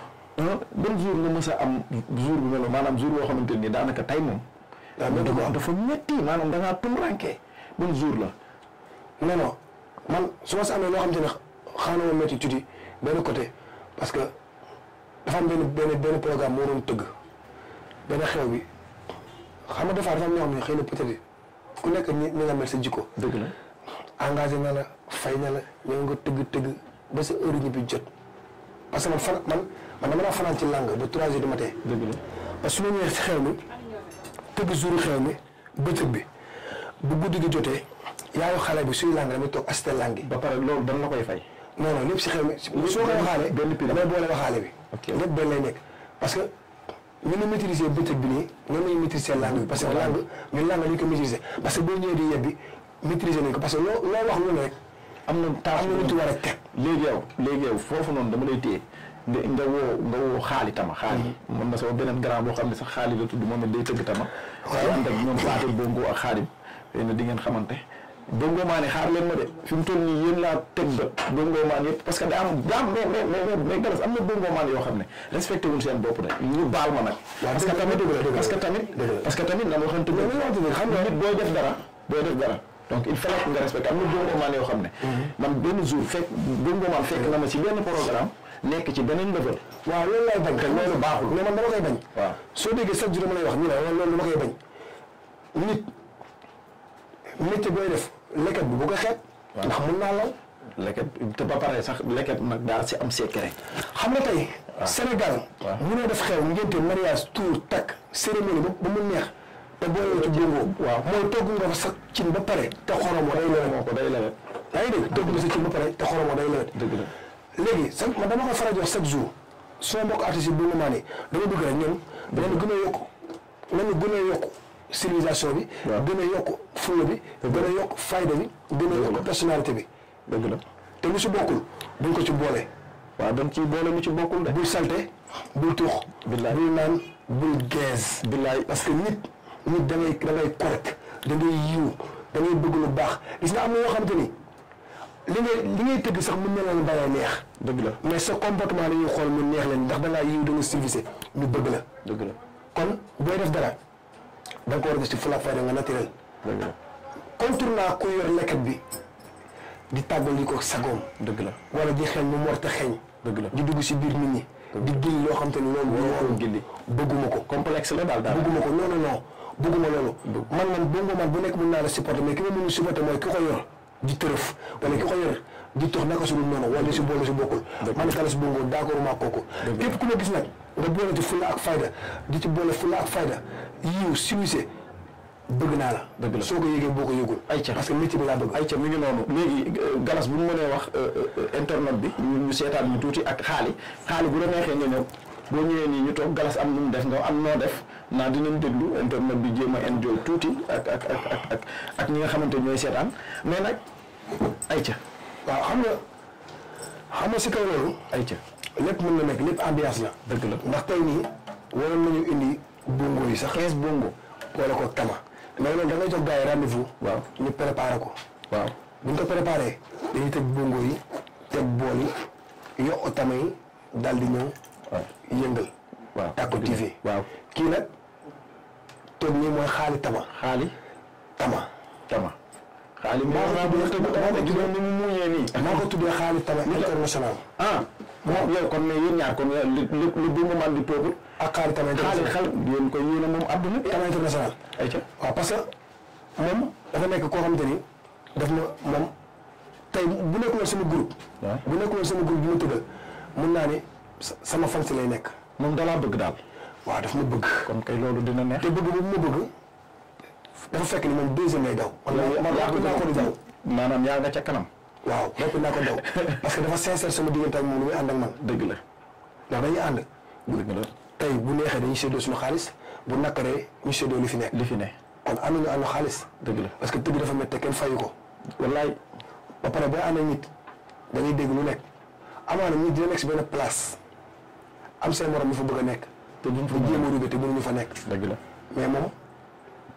ban jour nga mës a am jour bu mel maanaam jour boo xamante nii daanaka tey moom dafa métti maanaam da ngaa tumranke ban jour la. non non man su sa amee loo xamante ne xanaa na ma métti tuuti benn côté parce que dafa am benn benn benn programme moo doon tëgg benn xew bi xam nga dafa am ñoo xam ne xëy na peut-être ku nekk ni nga mel sa jikko. dëgg la na la fay na la ñëw nga tëgg tëgg ba sa heure ñibbi jot parce que man fan man man dama naa fanaan ci langue ba trois heures du matin. dëgg parce que su ma ñëwee si xew mi tëgg jour xew mi bëccëg bi. bu guddi gi jotee yaayu xale bi suy lang damay toog assisté lang gi. ba dana la koy fay. non non lépp si xel mi soo ko bi. ok lépp benn que. ñu ngi maîtriser bëccëg bi nii noonu la ñuy maîtriser langue bi parce que langue ñun langue ñu ko maîtriser parce que boo ñëwee di ko parce que loo loo wax lu ne war a teg. léegi yow léegi yow foofu noonu dama lay téye nga nga woo nga woo xaali tama xaali. Mm-hmm. mën na sama beneen grand boo xam ne sax xaali la tudd moom it day tëgg tama. waaw waaye ànd ak ñoom Fatou Bongo ak xaalim. xëy na di ngeen xamante Bongo Mané xaar leen ma de fi toll nii yéen laa teg bët Bongo Mané parce que daa am daa am am na Bongo yoo xam ne respecté wuñ seen bopp de ñu baal ma nag. parce que tamit parce que ne. xam yoo xam ne. Mm-hmm. man benn jour fekk Bongo fekk na ma ci benn programme. nekk ci beneen level. waaw loolu laay bañ. te loolu baaxul mais man dama koy bañ. waaw soo déggee chaque jour lay wax ñu ne loolu dama koy bañ nit. métier booy def leket bi bu ko xeet. ndax mën naa lal. leket te ba pare sax leket nag daal si am secret. xam nga tey. Sénégal. mu ne def xew ngénte mariage tour takk cérémonie ba mu neex. te boo yëwee ci góoboo. waaw mooy togg nga fa sax cin ba pare. te xoromoo day lewet ko day lewet. yaa ngi dégg togg nga sa cin ba pare te wa day lewet. dëgg la léegi sax dama ko faral di wax chaque jour suma mbokk artiste yi bu ñu maanee dama bëgg rek ñoom. dama gën a yokku nañu gën a yokku. civilisation bi. gën a yokk fulla bi. gën a yokk fayda bi. gën a yokk personnalité bi. dëgg te mu si bokkul dañ ko ci boole. waaw dañ ci boole lu ci bokkul de. bul salte bul tuux. billaay bul naan bul geez. billaay parce que nit nit da ngay da ngay correct da yiw da bëgg lu baax gis nga am na yoo xamante ni li ngay li ngay tëgg sax mën na leen bàyyi neex. dëgg la mais sa comportement la ñuy xool mu neex leen ndax da ngaa yiw da nga civilisé ñu bëgg la. dëgg la kon booy def dara. da nga ko war a gis ci fula fayda nga naturel. dëgg la contre naa ku yor lekkat bi di tàggali ko sagoom. dëgg la wala di xeeñ lu mu war ta xeeñ. dëgg la di dugg si biir nit ñi. di gilli loo xam te ni loolu. loolu ko. complexe ko non non non bëgguma loolu. man man bongo man bu nekk mën naa la supporter mais ki ma mënul supporter mooy ki ko yor di tërëf wala ki ko yor. di tox naka su noonu wala si boole si bokkul. man Talla Bongo d'accord maa kooku. képp ku ma gis nag. nga boole ci fulla ak fayda di ci boole fulla ak fayda yiw siwisé bëgg naa la. dëgg la soo ko yëgee boo ko yëgul. ayca parce que métier bi laa ay ayca mi ngi noonu léegi euh, galas bu ñu mënee wax euh, euh, internet bi ñu seetaan ñu tuuti ak xaali xaali bu la neexee nga ñëw boo ñëwee nii ñu toog galas am nu mu def nga am noo def naa dinañ déglu internet bi jéem a enjoy tuuti ak ak ak ak ak ñi nga xamante ñooy seetaan mais nag ca waaw xam nga xam nga si kaw loolu. ayca. lépp mën na nekk lépp ambiance la. dëgg ndax tey nii a nañu indi bongo yi sax 15 bongo. wala ko tama mais loolu da ngay jox gars yi rendez-vous. waaw préparé ko. waaw bu ñu ko préparé dañuy teg bongo yi teg bool yi yokk tama yi daal di ñëw. waaw yëngal. waaw Tacko TV. kii nag toog nii mooy xaali tama. xaali tama. tama. xaali maa ko tuddee maa ko tuddee ah. moom yow kon mais yéen ñaar kon le le bon moment du peuple ak xaaritam international xaarit yéen koy yéen a moom àdduna tam international ayca waaw parce que moom dafa nekk koo xamante ni daf na moom tey bu nekk woon sama groupe bu nekk woon sama groupe bi ma tuddal mun naa ni sama fan si lay nekk moom dalaa bëgg daal waaw daf ma bëgg kon kay loolu dina neex te bëgg bu ma bëgg dafa fekk ni moom deuxième lay daw maanaam yaa nga ca kanam waaw lépp naa ko daw parce que dafa sincère sama diggante ak moom lu muy ànd ak man. dëgg la ndax dañuy ànd. dëgg la tey bu neexee dañuy séddoo suñu xaalis bu nakkaree ñu séddoo li fi nekk. li fi nekk kon am nañu xaalis. dëgg la parce que tëgg dafa métti kenn fayu ko. wallaay ba pare boo ànd ak nit dañuy dégg lu nekk amaana nit dina nekk si benn place am seen morom ñu fa bëgg a nekk. te duñ fa jéem a rugg te mënuñu fa nekk. dëgg la mais moom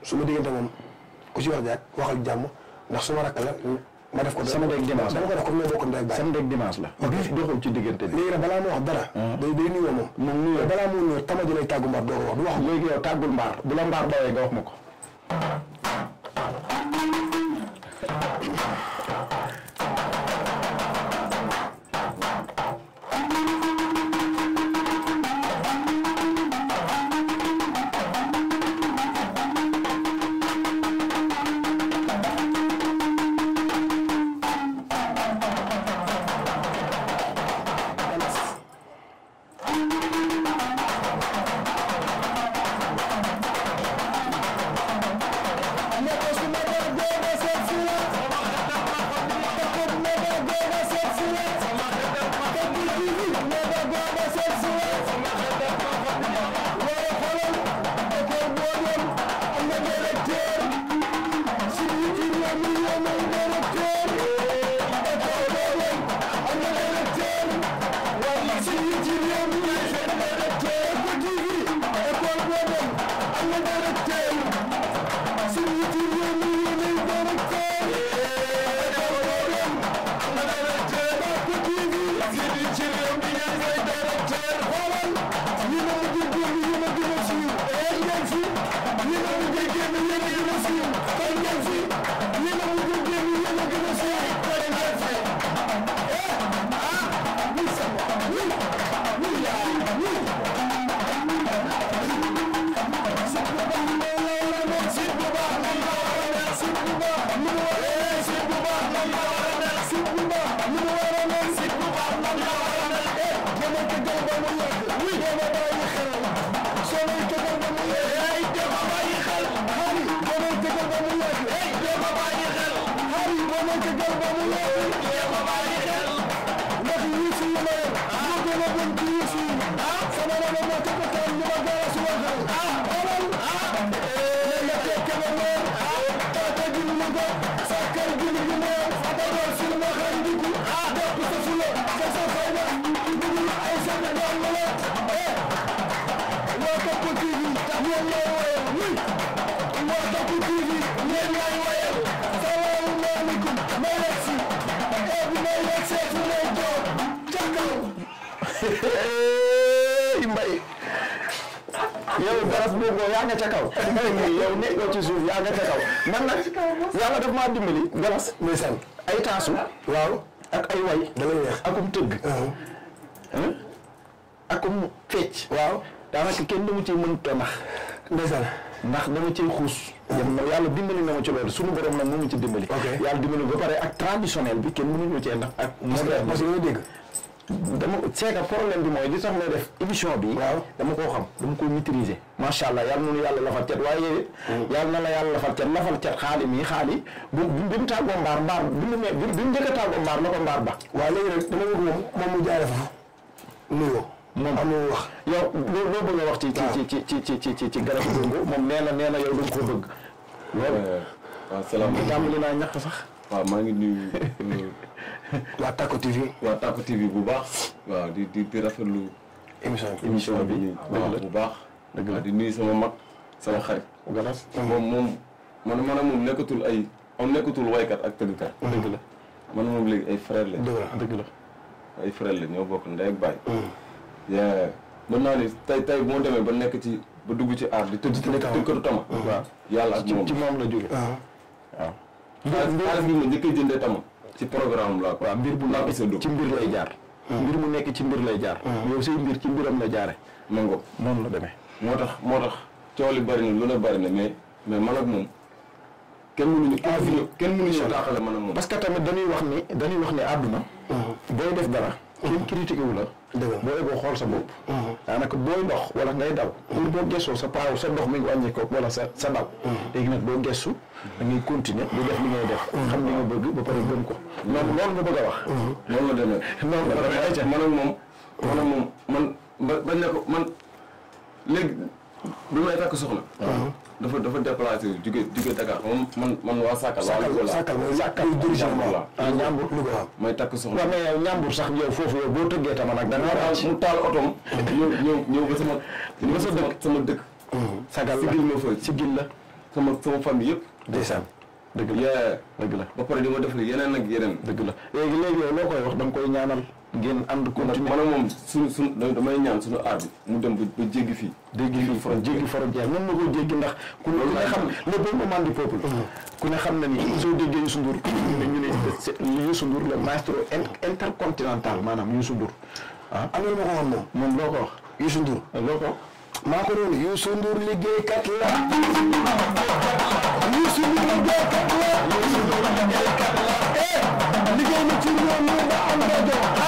su ma diggante moom ku ci wax waxal jàmm ndax su ma def ko samedi ak dimanche dama ko def ko ma bokk ndey baay samedi ak dimanche la doxul ci diggante bi léegi nag balaa moo wax dara ah. day day nuyoo moom moom nuyoo balaa moo nuyoo tama ji lay mbaar doo ko wax du wax léegi yow tàggul mbaar bu la mbaar dawee nga wax ma Thank you. faras boobu yaa nga ca kaw yow nekkoo ci suuf yaa nga ca kaw man nag yàlla daf maa dimbali galas ndeysaan ay taasu ah. waaw ak ay way da lay weex akum tëgg ah. hmm? akum fecc waaw daanaka kenn dama ciy mënta nax ndeysaan ndax dama ciy xuus ah. yàlla dimbali na ma ci su suñu borom nag moo ma ci dimbali yàlla dimbali ba pare ak traditionnel bi kenn mënuñu cee ndax ak moderne parce que dégg dama c'est que problème bi mooy li tax may def émission bi dama koo xam dama koo maîtriser macha allah yàlla nunu yàlla lafal cet waaye mm. yàlla na la yàlla lafal cet lafal cet xaali mii xaali bu bi mu tàggoo mbaar mbaar bi mu a tàggoo mbaar na ko mbaar ba waaw léegi nag dama bëgg moom moom mu jaare foofu nuyoo moom wax yow loo loo ci ci ci ci ci ci ci ci garab nee na nee na yow da nga ko bëgg loolu ba salaam tàmbali naa ñàkk sax waaw maa ngi nuyu. waa Tacko TV. waa Tacko TV bu baax. waaw di di di lu émission bi émission bi waaw bu baax. dëgg la di nuyu sama mag sama xarit. galas moom moom man maanaam moom nekkatul ay am nekkatul waykat ak tëggkat. dëgg la man moom léegi ay frère la. dëgg la dëgg la. ay frère la ñoo bokk ndey ak baay. Mm. mën naa ni tey tey boo demee ba nekk ci ba dugg ci aar di tëgg. tëggkatu tama mm. waaw yàlla ak moom ci moom la jóge waaw. xaalis bi njëkk jëndee tam ci programme la mbir bu nekk ci mbir lay jaar hmm. mbir mu nekk ci mbir lay jaar hmm. yow say mbir ci mbiram la jaare mango noonu la demee moo tax moo tax coow li bari na lu la bari na mais mais man ak moom kenn mënuñu ah, kenn mënuñu kenn mënuñu taaxale man a moom parce que tamit dañuy wax ni dañuy wax ni àdduna hmm. booy def dara kenn critiqué wu la. dëgg la boo eggoo xool sa bopp. Mm-hmm. daanaka booy dox wala ngay daw. boo gëstoo sa paaw sa ndox mi ngi wàññeekoo sa sa daw. Mm-hmm. léegi nag boo gëstu da ngay continuer di def li ngay def. Mm-hmm. xam li nga bëgg ba pare gëm ko. loolu loolu nga bëgg a wax. loolu la demee. loolu la demee man ak moom. man ak moom man ba bañ ne ko man soxna. dafa dafa déplacé wu jóge jóge Dakar moom man man waa Sakal. waa Louga la Sakal mooy Sakal dirigeant la ah Ndiambour Louga mooy takk soxna waaw mais sax yow foofu yow boo tëggee tama nag. da nga war mu taal otoom. ñëw ñëw ñëw ba sama. ba sa dëkk sama dëkk. Hmm. sagal la sigil ma fa sigil la sama sama famille yëpp. ndeysaan dëgg la dëgg la. ba pare di yeneen ak yeneen. dëgg la léegi léegi yow loo koy wax da nga koy ñaanal. ngeen ànd continuer man moom su suñu damay ñaan suñu aar bi mu dem ba jéggi fii jéggi fii foro jéggi foro jeex ñoom na ko jéggi ndax ku ne xam le beau moment du peuple ku ne xam ne ni soo déggee Youssou ñu ne Youssou Ndour le maestro intercontinental maanaam Youssou Ndour ah am na ma ko waxoon moom moom loo ko wax Youssou Ndour ah, loo ko maa ko doon Youssou Ndour liggéeykat la la eh, liggéey na ci ñoom ñu ba am rajo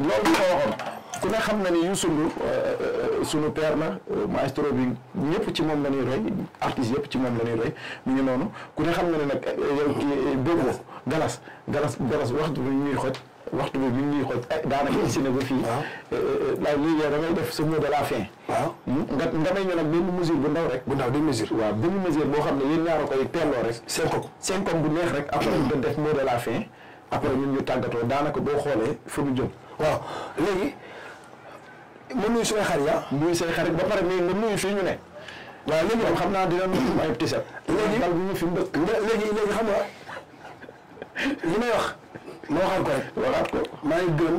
loolu ma waxoon ku ne xam na ni Youssou Ndour euh, euh, sunu père la euh, maestro bi ñëpp ci moom la ñuy roy artiste yëpp ci moom la ñuy roy mu ngi noonu ku ne xam na ne nag yow kii Bego Galas Galas Galas waxtu bi ñuy xoj waxtu bi mi ngi ñuy xoj eh, daanaka egsi na ba fii. waaw laaj lii yow da ngay def sa mot hmm? nga nga may ñu nag benn mesure bu ndaw rek. bu ndaw di mesure. waaw benn mesure boo xam ne yéen ñaar a koy teeloo rek. syncope syncope bu neex rek. après nga def mot de la fin. après ñun ñu tàggatoo daanaka boo xoolee fu ñu jëm. waaw léegi ma nuyu sumay xarit ah. nuyu say xarit ba pare mais nga nuyu fii ñu ne. waaw léegi xam naa dina nuyu ay tiset. léegi bu ñu fi mbëkk. léegi léegi xam nga li may wax ma waxaat ko rek. waxaat ko maa ngi gërëm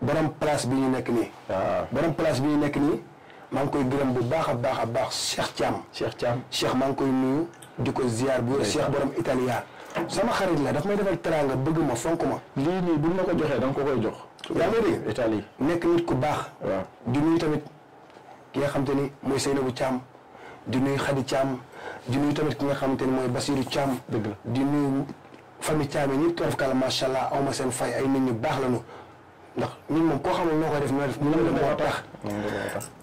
borom place bi ñu nekk nii. waaw ah. borom place bi ñu nekk nii maa ngi koy gërëm bu baax a baax a baax Cheikh Thiam. Cheikh Thiam Cheikh maa ngi koy nuyu di ko ziar bu Cheikh borom italien. sama xarit la daf may defal teraanga bëgg ma fonk ma. lii nii bu ma ko joxee da ko koy jox. yaa ngi dégg Italie nekk nit ku baax waaw di nuyu tamit ki nga xam te ni mooy Seynabou Thiam di nuyu Khady Thiam di nuyu tamit ki nga xam te ni mooy Basirou Thiam dëgg la di nuyu famille Thiam yi ñëpp torop kala macha allah aw ma seen fay ay nit ñu baax lañu ndax ñun moom koo xamul noo koy def noo def ñu la moo tax nee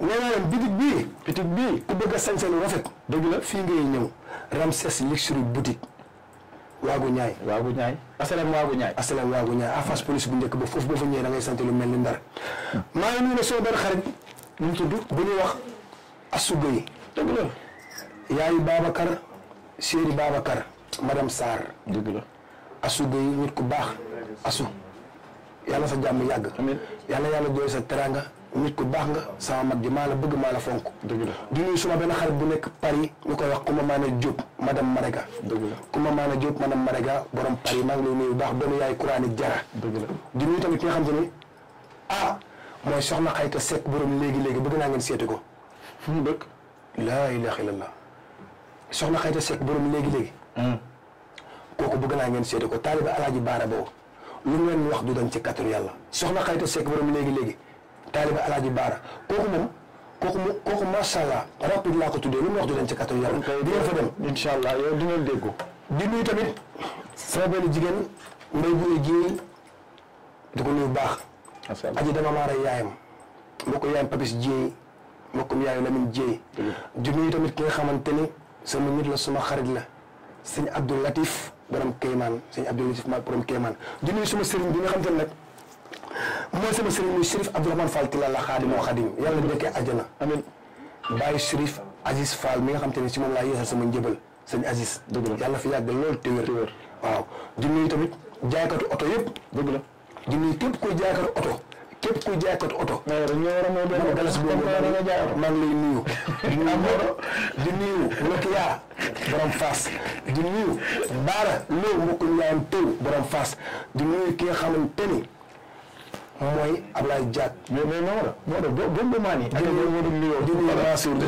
naa leen bitig bii bitig bii ku bëgg a sañse lu rafet dëgg la fii ngay ñëw Ramses Luxury boutique waagu ñaay waagu ñaay asalam waagu ñaay asalam waagu ñaay en face police bu njëkk ba foofu boo fa ñëwee da ngay sant lu mel ni ndar hmm. maa ngi nuyu ne soo benn xarit ñu tudd bu ñuy wax Assou Gueye dëgg la yaayu Babacar chéri Babacar madame Sarr dëgg la ku baax Assou yàlla sa jàmm yàgg yàlla yàlla jooy sa teranga nit ku baax nga sama mag ji maa la bëgg maa la fonk. dëgg la suma benn xarit bu nekk Paris ñu koy wax Coumba Mané Diop madame Marega. dëgg la Coumba Mané Diop madame Marega borom Paris maa ngi lay nuyu bu baax doomu yaay Kourani Jara. dëgg la di tamit ki nga xam te ni ah mooy soxna Xayta Seck borom léegi léegi bëgg naa ngeen seeti ko. fu mu dëkk. laa ilaaha illallaah soxna Xayta Seck borom léegi léegi. Hmm. kooku bëgg naa ngeen seeti ko taaliba Alaaji Baara boobu lu ngeen wax du dañ ci kàttanu yàlla. soxna Xayta Seck borom léegi léegi taaliba alaaji baara kooku moom kooku mu kooku allah rapide laa ko tuddee lu mu wax dinañ ci kattan yàlla. di ngeen fa dem incha allah yow di ngeen déggu. di tamit sama benn jigéen mbay bu géey di ko nuyu baax. macha allah aji dama maar yaayam mbokk yaayam papis jéey mbokkum yaayu lamin jéey. di nuyu tamit ki nga xamante ni sama nit la suma xarit la sëñ Abdou Latif borom Kéemaan sëñ Abdou Latif borom Kéemaan di suma sëriñ bi nga xam te nag. mooy sama sëriñ muy Chérif Abdourahmane Fall Tilala la xaadimoo xaadim yàlla njëkkee àjjana amiin bàyyi Chérif Aziz Fall mi nga xam te ne si moom laa yeesal sama njëbal sëñ Aziz dëgg la yàlla fi yàgg lool te wér waaw tamit jaaykatu oto yëpp dëgg la di nuyu képp kuy jaaykatu oto képp kuy jaaykatu oto galas boobu maa ngi lay nuyu di nuyu di nuyu Nokia borom Fass di nuyu Baara Lo mbokk ñaan teew borom Fass di mooy Ablaye Diack. mais mais Maodo Maodo boo boo mu maani. ak yow moo di nuyoo sama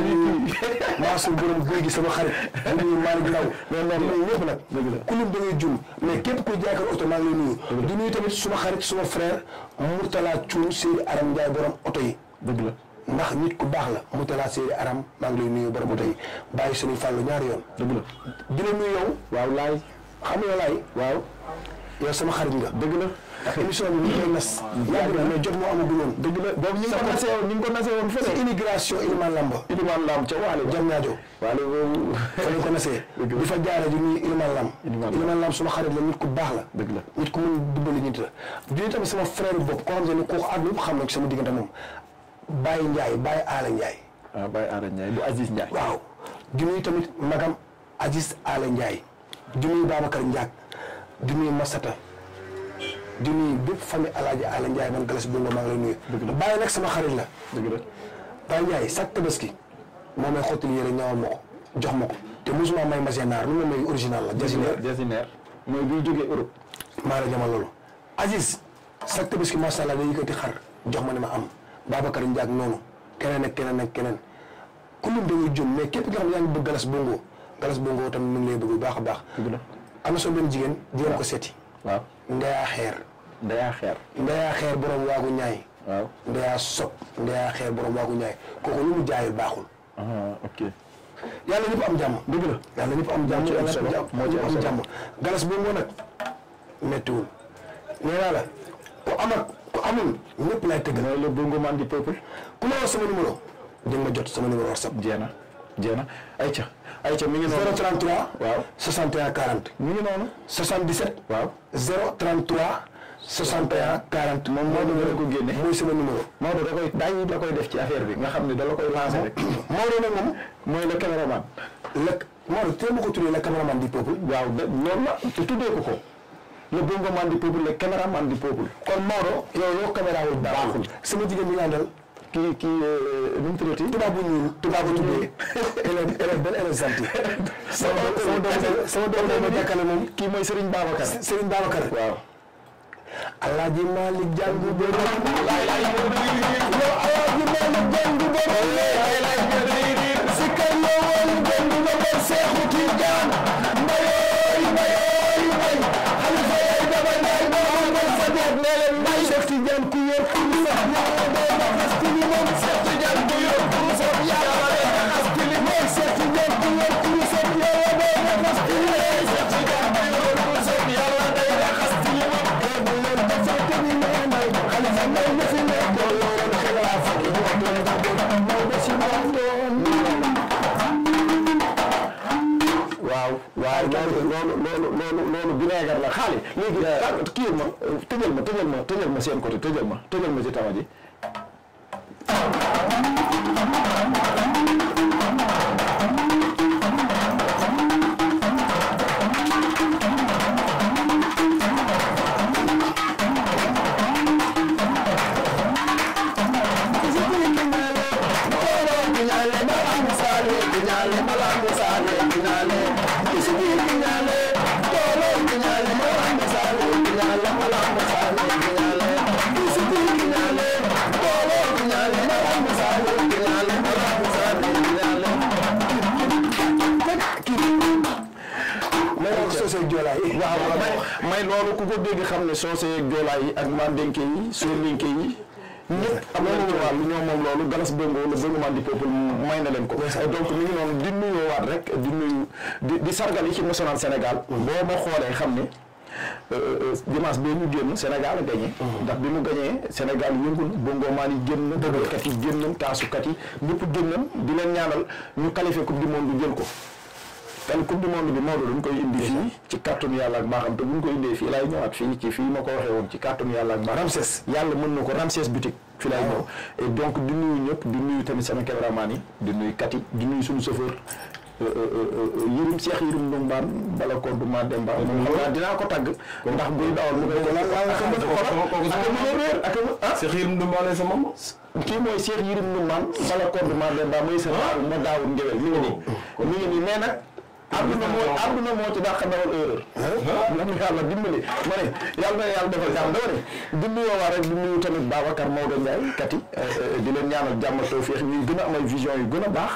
xarit. di nuyu Malick Ndaw. non nag. dëgg la ku lim da mais képp kuy jaaykat oto maa ngi lay nuyu. dëgg la di tamit suma xarit suma frère. Mourtala Thioune Seydou Aram Ndiaye borom oto yi. dëgg la ndax nit ku baax la. Mourtala Seydou Aram maa ngi lay nuyu borom oto yi yoon. dëgg la di yow. waaw laay waaw. yow sama xarit nga dëgg la émission bi ñu koy nas yàgg na mais jot moo amul du woon dëgg la boobu ñu ngi ko nasee woon ñu ngi ko nasee woon fële immigration Ilimane Lamb Ilimane Lamb ko jaare ji nuyu Ilimane Lamb Ilimane Lamb suma xarit baax la dëgg la nit ku mun dimbali nit la di tamit sama sama diggante moom Baye Ndiaye Baye Ala Ndiaye waaw ah, Baye Ala Ndiaye bu Aziz Ndiaye waaw di nuyu tamit magam Aziz Ala Ndiaye di nuyu Babacar Ndiaye di nuyu Masata di nuyu bépp famille Alaaji Ala Ndiaye man Galas Bongo maa ngi lay nuyu. dëgg la xarit la. dëgg la Baye Ndiaye chaque tabaski moo may xottil yére ma ko jox ma ko te mosuma may ma naar lu ma may original la. jasinaire jasinaire mooy bi jógee Europe. maa la jamal loolu. Aziz chaque tabaski macha allah day yëkkati xar jox ma ne ma am Babacar Ndiaye ak noonu keneen ak keneen ak keneen ku lim dañuy jëm mais képp yaa ngi bëgg Galas Bongo Galas Bongo tamit mu lay bëgg bu baax a baax. am na jigéen jigéen ko seeti waaw ndeyaa xeer ndeyaa xeer ndeyaa xeer borom waagu ñaay waaw sob ndeyaa xeer borom waagu ñaay kooku lu mu jaayul baaxul ah, ok yàlla ñëpp am jàmm dëgg la am jàmm ñëpp am galas boobu moo nag méttiwul nee la ku am ak ku amul ñëpp lay tëgg la bongo man di peuple ku la war sama numéro di nga ma jot sama numéro whatsapp jeena jeena ayca mi ngi noonu 033. waaw 61 40. mi ngi noonu. 77. waaw 033. 61 40. moom Maodo nga ko génne mooy sama numéro. Maodo da koy daañu da koy def ci affaire bi nga xam ne da la koy lancer rek. Maodo nag moom mooy le caméraman. le Maodo teel ma ko tuddee waaw de loolu la te tuddee ko ko. le bongo man du peuple le caméraman du peuple. kon Maodo yow yow caméra wu baaxul sama jigéen bi nga kii kii nu mu tuddati. tubaabu ñuul tubaabu tuddee. élève élève benn élève sant. sama doom sama doom day ma jàkkale moom. kii mooy Serigne Babacar. Serigne Babacar waaw. Alaaji Malik jàngu borom. xaar loolu loolu loolu loolu vinaigre la xaali ma tëjal ma tëjal ma tëjal ma seen ma tëjal ma ku ko dégg xam ne soose yeeg joolaa yi ak mandinke yi soninke yi ñëpp am nañ ci wàllu ñoo moom loolu galas bongo le bongo man di peuple may na leen ko donc mi ngi noonu di nuyoo waat rek di nuyu di di sargal yi ci national Sénégal boo ma xoolee xam ne euh, euh, dimanche bee ñu génn Sénégal a gagné. Mm-hmm. ndax bi mu gagné Sénégal yëngu na bongomaan yi génn. dëgg la dëggkat yi génn taasukat yi ñëpp génn di leen ñaanal ñu qualifié coupe du monde jël ko. ren coupe du monde bi Maodo dañ koy indi fii ci kàttanu yàlla ak baaxam te buñ ko indee fii laay ñëwaat fii ci fii ma ko waxee woon ci kàttanu yàlla ak baax Ramses yàlla mën na ko Ramses boutique fi laay ñëw ah. et donc di nuyu ñëpp di nuyu tamit sama cameraman yi di nuyu kat yi di nuyu suñu chauffeur yërum seex yërum ndumbaan bala kontuma demba moom xam naa dinaa ko tàgg ndax buy dawal mu ko ah. la ak ah seex yërum ndumbaan sa moom kii mooy seex yërum ndumbaan bala kontuma demba mooy sa ah. ma daawul ngewel mi ngi nii oh. mi ngi nii mais nag àdduna moo àdduna moo ci dàq dawal erreur. nañu yàlla dimbali yàlla ne yàlla na yàlla defal jàmm dama ne dimbali waa rek di nuyu tamit Babacar Maodo Ndiaye kat yi euh, euh, di leen ñaanal jàmm tawfeex ñuy gën a am ay vision yu gën a baax.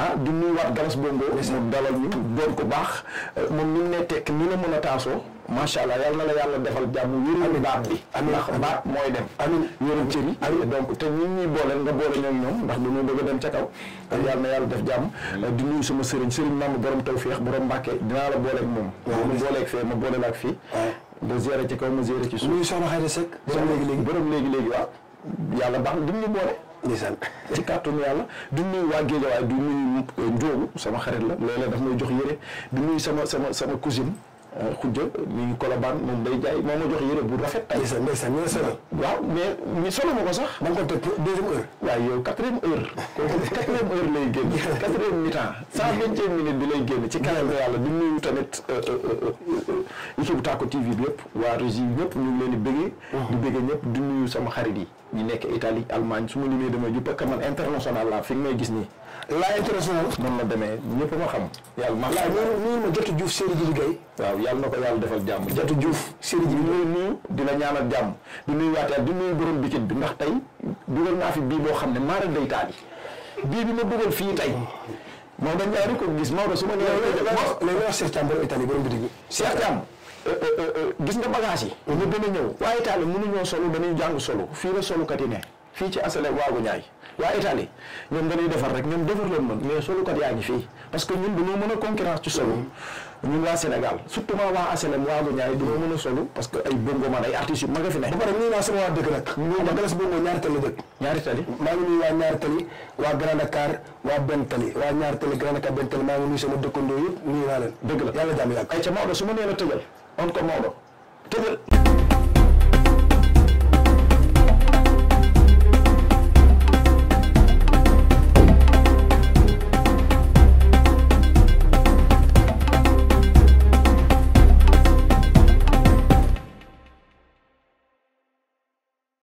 ah di nuyuwaat Galas Bongo. mu dalal ñu doon ko baax euh, moom ni mu ne tekk ni la mën a taasoo. macha allah yal na la yàlla defal jàmm yërëm baat bi ndax baat mooy dem amiin yërëm cër yi donc te ñun ñuy boole nga ndax dañoo a dem ca kaw yàlla na yàlla def jàmm ma booleeg fee ma boole laak fii nga gérer ci kaw ma gérer ci suuf nuyu soxna Xayda Seck borom léegi yàlla baax duñ ñu boole ndeysaan ci kàttanu yàlla du nuyu euh, sama xarit la léeg-léeg daf may jox yére du nuyu sama sama sama cousine Khoudia mi ngi Colobane moom day jaay moo ma jox yére bu rafet. ndeysaan ndeysaan ñu ne sonal. waaw mais mi solo ma ko sax. da nga ko teg deuxième heure. waaw yow quatrième heure. kooku quatrième heure lay génn. quatrième mi-temps. cent vingtième bi lay génn. ci kanam yàlla di nuyu tamit euh, euh, euh, équipe bu Tacko TV bi yëpp. waa régie ñëpp ñu ngi leen di bëggee. di bëggee ñëpp di nuyu sama xarit yi. ñu nekk Italie Allemagne su ma damay jub parce man international laa fi nga may gis nii. laay intéressé wu. noonu la demee ñëpp ma xam. yàlla ma xam laay ma jotu Diouf na ko yàlla defal jàmm jotu Diouf Serigne Diouf di nuyu di la ñaanal jàmm di nuyu waateel di nuyu borom bikit bi ndax tey dugal naa fi bii boo xam ne maa maara day taal bii bi ma dugal fii tey moom dañ ñaari ko gis Maodo su ma. léegi wax Cheikh Thiam borom Italie borom bitig bi. Cheikh euh, euh, euh, gis nga bagage yi. Mm-hmm. ñu gën a ñëw waaye Italie mënuñoo solo dañuy jàng solo fii la solukat yi ne fii ci asale waagu ñaay waa Italie ñoom dañuy defar rek ñoom defar leen mën mais solukat yaa ngi fii parce que ñun dañoo mën a concurrence ci ñun waa Sénégal surtout waa aselem waa dëkk nag waa benn tali waa ñaari tali Grand Dakar benn tali maa ngi nuyu sama dëkkandoo yëpp nuyu naa dëgg la yàlla jàmm yàgg ay ca Maodo su ma nee la